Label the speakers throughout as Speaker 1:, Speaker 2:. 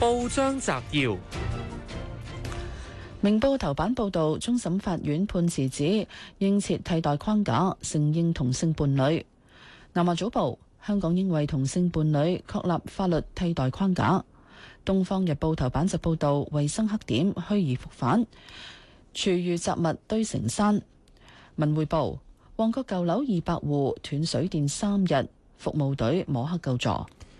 Speaker 1: 報章摘要：明報頭版報道，終審法院判詞指應設替代框架承認同性伴侶。南華早報：香港應為同性伴侶確立法律替代框架。東方日報頭版就報道衛生黑點虛而復返，廚餘雜物堆成山。文匯報：旺角舊樓二百戶斷水電三日，服務隊摸黑救助。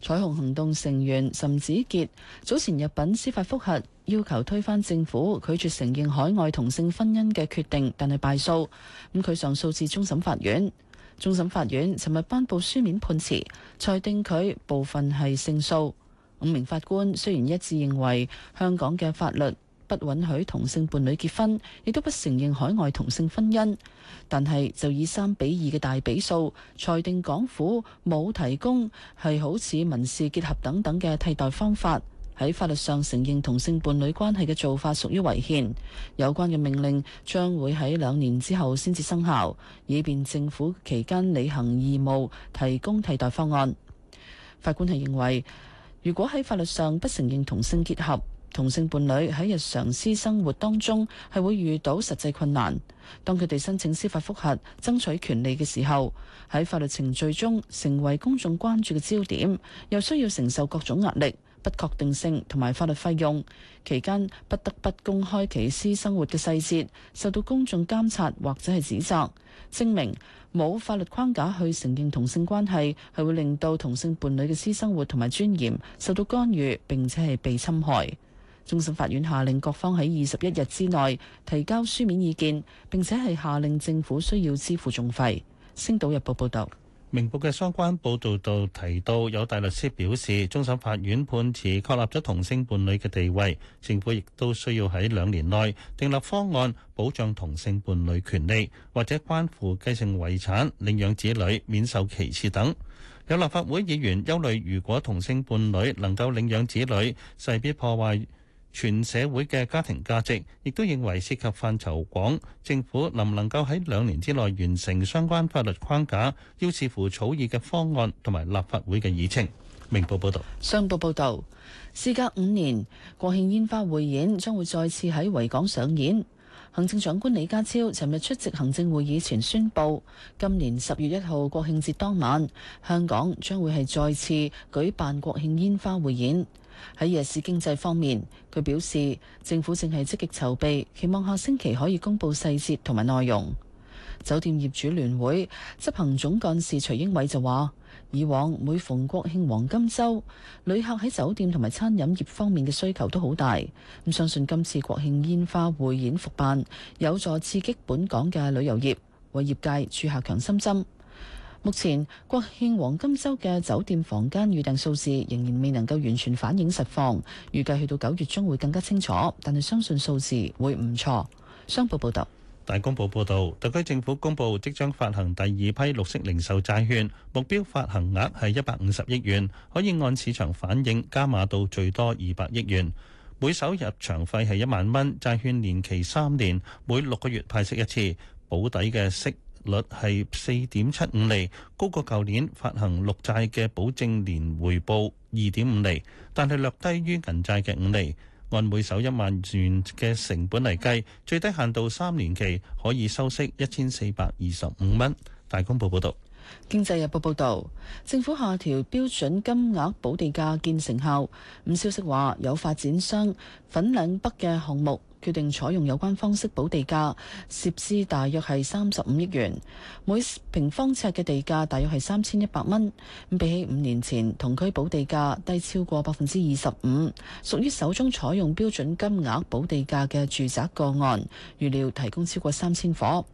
Speaker 1: 彩虹行動成員岑子杰早前入稟司法覆核，要求推翻政府拒絕承認海外同性婚姻嘅決定，但係敗訴。咁佢上訴至終審法院，終審法院尋日頒布書面判詞，裁定佢部分係勝訴。五名法官雖然一致認為香港嘅法律，不允許同性伴侶結婚，亦都不承認海外同性婚姻。但係就以三比二嘅大比數裁定，港府冇提供係好似民事結合等等嘅替代方法，喺法律上承認同性伴侶關係嘅做法屬於違憲。有關嘅命令將會喺兩年之後先至生效，以便政府期間履行義務，提供替代方案。法官係認為，如果喺法律上不承認同性結合。同性伴侶喺日常私生活當中係會遇到實際困難。當佢哋申請司法覆核、爭取權利嘅時候，喺法律程序中成為公眾關注嘅焦點，又需要承受各種壓力、不確定性同埋法律費用。期間不得不公開其私生活嘅細節，受到公眾監察或者係指責。證明冇法律框架去承認同性關係，係會令到同性伴侶嘅私生活同埋尊嚴受到干預，並且係被侵害。終審法院下令各方喺二十一日之內提交書面意見，並且係下令政府需要支付訟費。星島日報報道，明報
Speaker 2: 嘅相關報導度提到，有大律師表示，終審法院判詞確立咗同性伴侶嘅地位，政府亦都需要喺兩年內訂立方案保障同性伴侶權利，或者關乎繼承遺產、領養子女免受歧視等。有立法會議員憂慮，如果同性伴侶能夠領養子女，勢必破壞全社會嘅家庭價值，亦都認為涉及範疇廣，政府能唔能夠喺兩年之內完成相關法律框架，要視乎草擬嘅方案同埋立法會嘅議程。明報報道，
Speaker 1: 商報報道，事隔五年，國慶煙花匯演將會再次喺維港上演。行政長官李家超尋日出席行政會議前宣布，今年十月一號國慶節當晚，香港將會係再次舉辦國慶煙花匯演。喺夜市經濟方面，佢表示政府正係積極籌備，期望下星期可以公布細節同埋內容。酒店業主聯會執行總幹事徐英偉就話：以往每逢國慶黃金週，旅客喺酒店同埋餐飲業方面嘅需求都好大，咁相信今次國慶煙花匯演復辦，有助刺激本港嘅旅遊業，為業界注入強心針。目前國慶黃金周嘅酒店房間預訂數字仍然未能夠完全反映實況，預計去到九月中會更加清楚，但係相信數字會唔錯。《商報》報道，
Speaker 2: 《大公報》報道，特區政府公布即將發行第二批綠色零售債券，目標發行額係一百五十億元，可以按市場反應加碼到最多二百億元。每手入場費係一萬蚊，債券年期三年，每六個月派息一次，保底嘅息率係四點七五釐，高過舊年發行綠債嘅保證年回報二點五釐，但係略低於銀債嘅五釐。按每手一萬元嘅成本嚟計，最低限度三年期可以收息一千四百二十五蚊。大公報報導，
Speaker 1: 《經濟日報》報導，政府下調標準金額補地價見成效。咁消息話，有發展商粉嶺北嘅項目。決定採用有關方式補地價，涉資大約係三十五億元，每平方尺嘅地價大約係三千一百蚊。比起五年前同區補地價低超過百分之二十五，屬於首宗採用標準金額補地價嘅住宅個案，預料提供超過三千伙。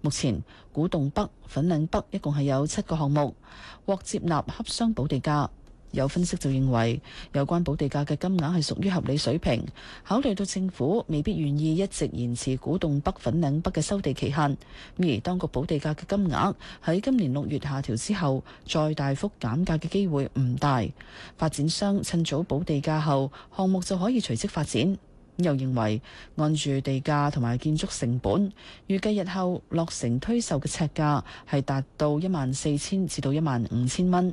Speaker 1: 目前古洞北、粉嶺北一共係有七個項目獲接納洽商補地價。有分析就認為，有關補地價嘅金額係屬於合理水平。考慮到政府未必願意一直延遲古洞北、粉嶺北嘅收地期限，而當局補地價嘅金額喺今年六月下調之後，再大幅減價嘅機會唔大。發展商趁早補地價後，項目就可以隨即發展。又認為按住地價同埋建築成本，預計日後落成推售嘅尺價係達到一萬四千至到一萬五千蚊。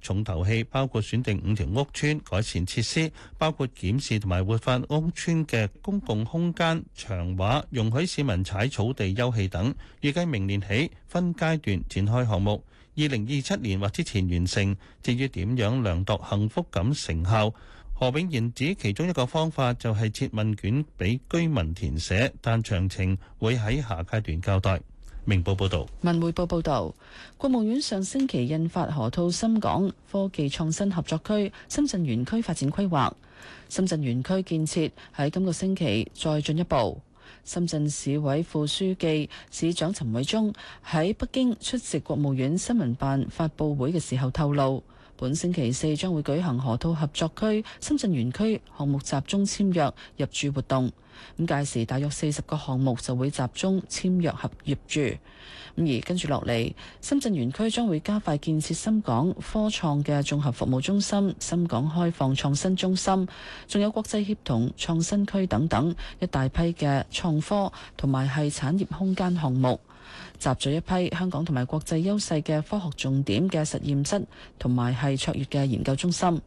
Speaker 2: 重頭戲包括選定五條屋邨改善設施，包括檢視同埋活化屋邨嘅公共空間牆畫，容許市民踩草地休憩等。預計明年起分階段展開項目，二零二七年或之前完成，至於點樣量度幸福感成效，何永賢指其中一個方法就係設問卷俾居民填寫，但詳情會喺下階段交代。明報報導，
Speaker 1: 文匯報報導，國務院上星期印發河套深港科技創新合作區深圳園區發展規劃，深圳園區建設喺今個星期再進一步。深圳市委副書記、市長陳偉中喺北京出席國務院新聞辦發佈會嘅時候透露，本星期四將會舉行河套合作區深圳園區項目集中簽約入駐活動。咁屆時，大約四十個項目就會集中簽約合業住。咁而跟住落嚟，深圳園區將會加快建設深港科創嘅綜合服務中心、深港開放創新中心，仲有國際協同創新區等等，一大批嘅創科同埋係產業空間項目，集咗一批香港同埋國際優勢嘅科學重點嘅實驗室同埋係卓越嘅研究中心。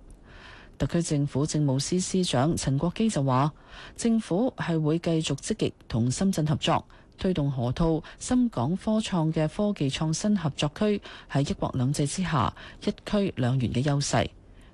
Speaker 1: 特區政府政務司司長陳國基就話，政府係會繼續積極同深圳合作，推動河套深港科創嘅科技創新合作區喺一國兩制之下，一區兩園嘅優勢。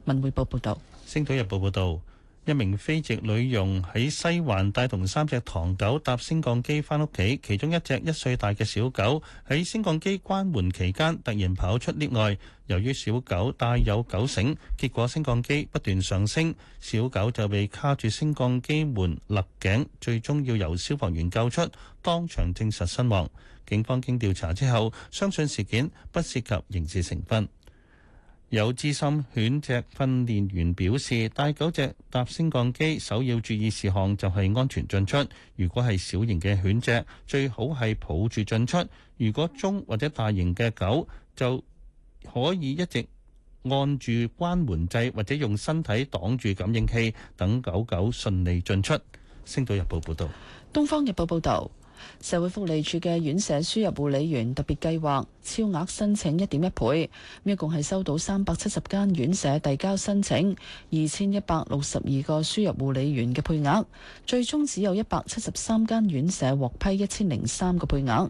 Speaker 1: 文匯報報道，
Speaker 2: 星島日報報道。一名菲籍女傭喺西環帶同三隻唐狗搭升降機返屋企，其中一隻一歲大嘅小狗喺升降機關門期間突然跑出 𨋢 外，由於小狗帶有狗繩，結果升降機不斷上升，小狗就被卡住升降機門勒頸，最終要由消防員救出，當場證實身亡。警方經調查之後，相信事件不涉及刑事成分。有資深犬隻訓練員表示，帶狗隻搭升降機，首要注意事項就係安全進出。如果係小型嘅犬隻，最好係抱住進出；如果中或者大型嘅狗，就可以一直按住關門掣，或者用身體擋住感應器，等狗狗順利進出。星島日報報道，
Speaker 1: 東方日報報道。社會福利署嘅院舍輸入護理員特別計劃超額申請一點一倍，一共係收到三百七十間院舍遞交申請二千一百六十二個輸入護理員嘅配額，最終只有一百七十三間院舍獲批一千零三個配額。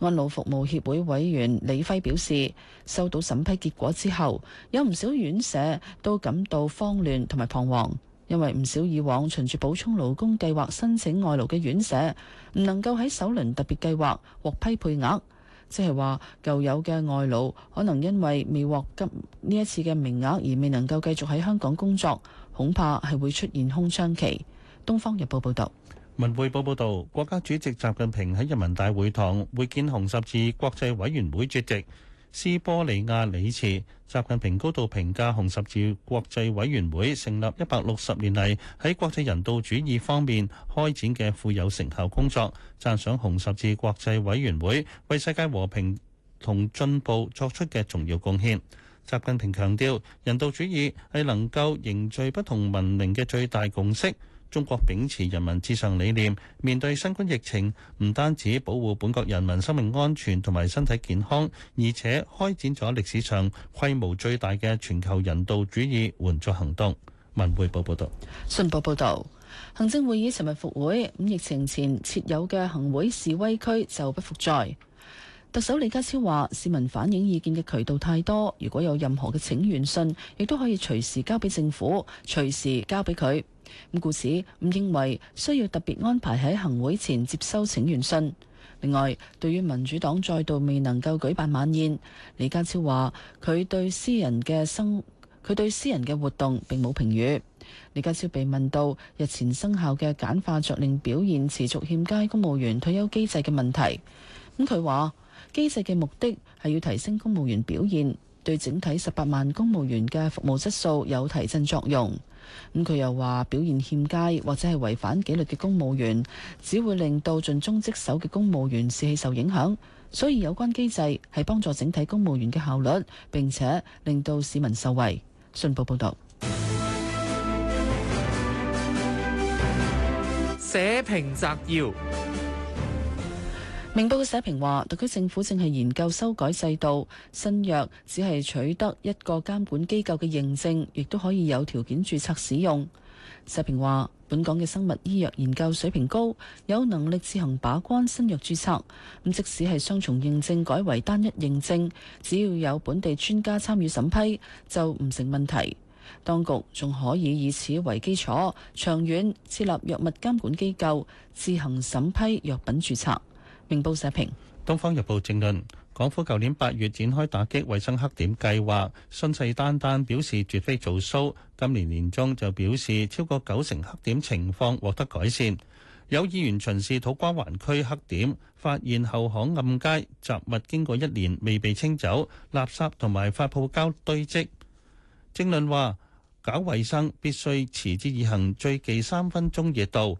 Speaker 1: 安老服務協會委員李輝表示，收到審批結果之後，有唔少院舍都感到慌亂同埋彷徨。因為唔少以往循住補充勞工計劃申請外勞嘅院舍，唔能夠喺首輪特別計劃獲批配額，即係話舊有嘅外勞可能因為未獲急呢一次嘅名額而未能夠繼續喺香港工作，恐怕係會出現空窗期。《東方日報》報道。
Speaker 2: 《文匯報》報道，國家主席習近平喺人民大會堂會見紅十字國際委員會主席。斯波利亞里茨，習近平高度評價紅十字國際委員會成立一百六十年嚟喺國際人道主義方面開展嘅富有成效工作，讚賞紅十字國際委員會為世界和平同進步作出嘅重要貢獻。習近平強調，人道主義係能夠凝聚不同文明嘅最大共識。中國秉持人民至上理念，面對新冠疫情，唔單止保護本國人民生命安全同埋身體健康，而且開展咗歷史上規模最大嘅全球人道主義援助行動。文匯報報道。
Speaker 1: 信報報道，行政會議尋日復會，咁疫情前設有嘅行會示威區就不復在。特首李家超話：市民反映意見嘅渠道太多，如果有任何嘅請願信，亦都可以隨時交俾政府，隨時交俾佢。咁故此，唔認為需要特別安排喺行會前接收請願信。另外，對於民主黨再度未能夠舉辦晚宴，李家超話佢對私人嘅生佢對私人嘅活動並冇評語。李家超被問到日前生效嘅簡化着令表現持續欠佳，公務員退休機制嘅問題，咁佢話機制嘅目的係要提升公務員表現，對整體十八萬公務員嘅服務質素有提振作用。咁佢又話表現欠佳或者係違反紀律嘅公務員，只會令到盡忠職守嘅公務員士氣受影響，所以有關機制係幫助整體公務員嘅效率，並且令到市民受惠。信報報道。社評摘要。明報嘅社評話，特區政府正係研究修改制度，新藥只係取得一個監管機構嘅認證，亦都可以有條件註冊使用。社評話，本港嘅生物醫藥研究水平高，有能力自行把關新藥註冊。咁即使係雙重認證改為單一認證，只要有本地專家參與審批，就唔成問題。當局仲可以以此為基礎，長遠設立藥物監管機構，自行審批藥品註冊。明報社評
Speaker 2: 《東方日報》正論：港府舊年八月展開打擊衞生黑點計劃，信誓旦旦表示絕非做騷，今年年中就表示超過九成黑點情況獲得改善。有議員巡視土瓜灣區黑點，發現後巷暗街雜物經過一年未被清走，垃圾同埋發泡膠堆積。正論話：搞衞生必須持之以恆，最忌三分鐘熱度。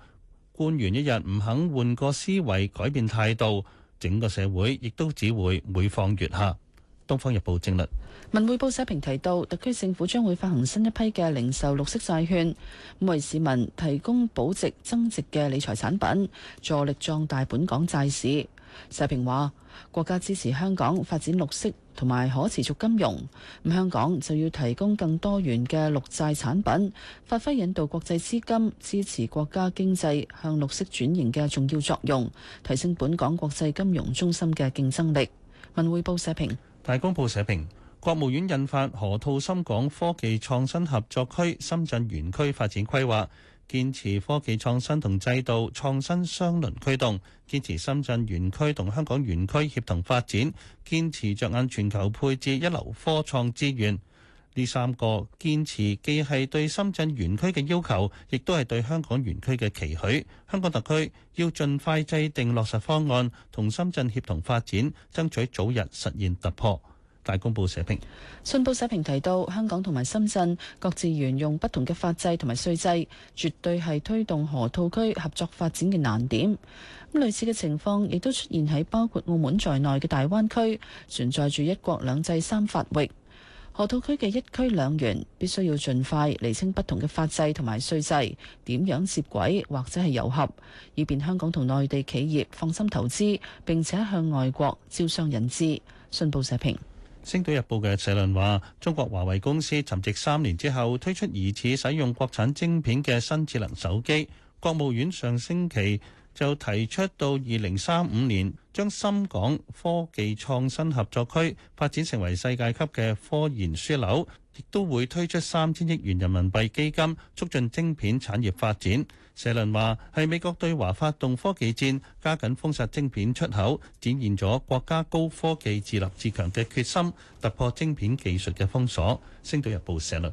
Speaker 2: 官員一日唔肯換個思維，改變態度，整個社會亦都只會每況愈下。東方日報正論。
Speaker 1: 文匯報社評提到，特區政府將會發行新一批嘅零售綠色債券，為市民提供保值增值嘅理財產品，助力壯大本港債市。社評話，國家支持香港發展綠色。同埋可持續金融，咁香港就要提供更多元嘅綠債產品，發揮引導國際資金支持國家經濟向綠色轉型嘅重要作用，提升本港國際金融中心嘅競爭力。文匯報社評、
Speaker 2: 大公報社評，國務院印發河套深港科技創新合作區深圳園區發展規劃。堅持科技創新同制度創新雙輪驅動，堅持深圳園區同香港園區協同發展，堅持着眼全球配置一流科創資源。呢三個堅持既係對深圳園區嘅要求，亦都係對香港園區嘅期許。香港特區要盡快制定落實方案，同深圳協同發展，爭取早日實現突破。大公報社評，
Speaker 1: 信報社評提到，香港同埋深圳各自沿用不同嘅法制同埋稅制，絕對係推動河套區合作發展嘅難點，咁類似嘅情況亦都出現喺包括澳門在內嘅大灣區存在住一國兩制三法域，河套區嘅一區兩元，必須要盡快釐清不同嘅法制同埋稅制，點樣接軌或者係遊合，以便香港同內地企業放心投資，並且向外國招商引資。信報社評。
Speaker 2: 《星島日報》嘅社論話，中國華為公司沉寂三年之後推出疑似使用國產晶片嘅新智能手機。國務院上星期就提出，到二零三五年將深港科技創新合作區發展成為世界級嘅科研樞紐，亦都會推出三千億元人民幣基金，促進晶片產業發展。社論話：係美國對華發動科技戰，加緊封殺晶片出口，展現咗國家高科技自立自強嘅決心，突破晶片技術嘅封鎖。星島日報社論。